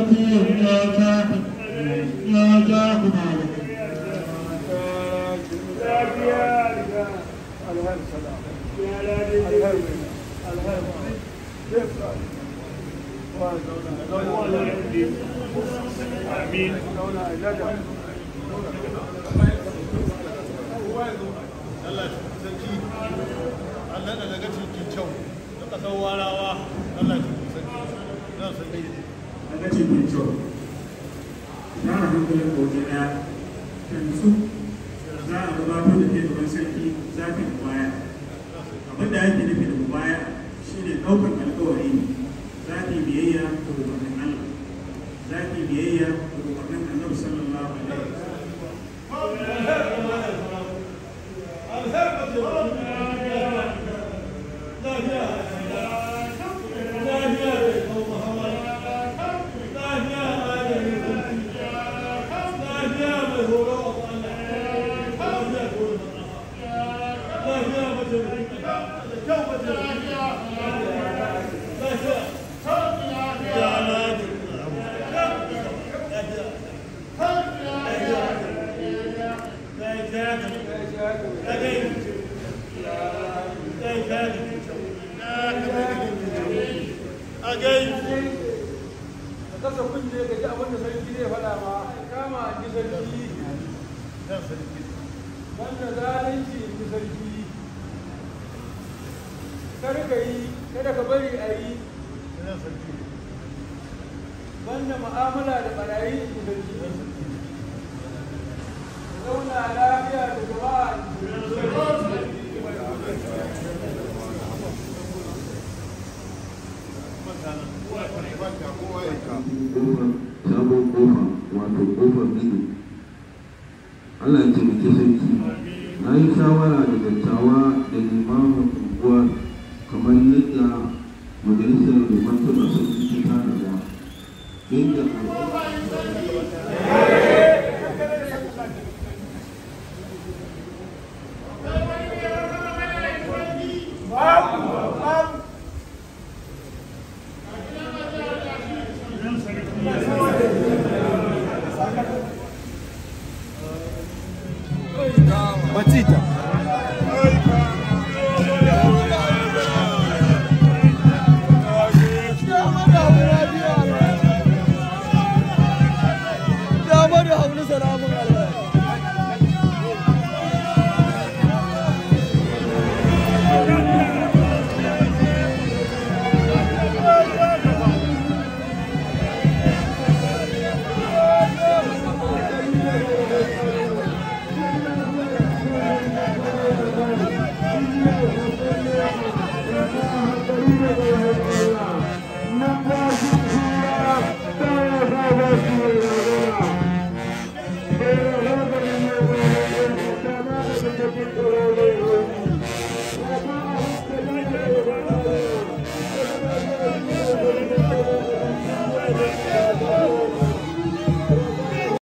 آمين Allah sarki Allah da daga cikin kyau da kasar warawa Allah sarki zan sarki na ga cin kyau da hankalin gobe na yanzu za a gabatar da ke gaban sarki za ka mubaya abin da ake nufi da mubaya shi ne ɗaukar alkawari ne za ki biyayya ga umarnin Allah za ki biyayya ga kasa kunne ka ji abin da sarki zai faɗa ma kama ji sarki wanda kar ka yi kada ka bari a yi wanda mu'amala da barayi sabon ƙofa wato kofar ido allah ya taimaki sarki na yi shawara da dattawa da limamin unguwa kamar yadda majalisar da martaba sun ci tana da inda 我记得。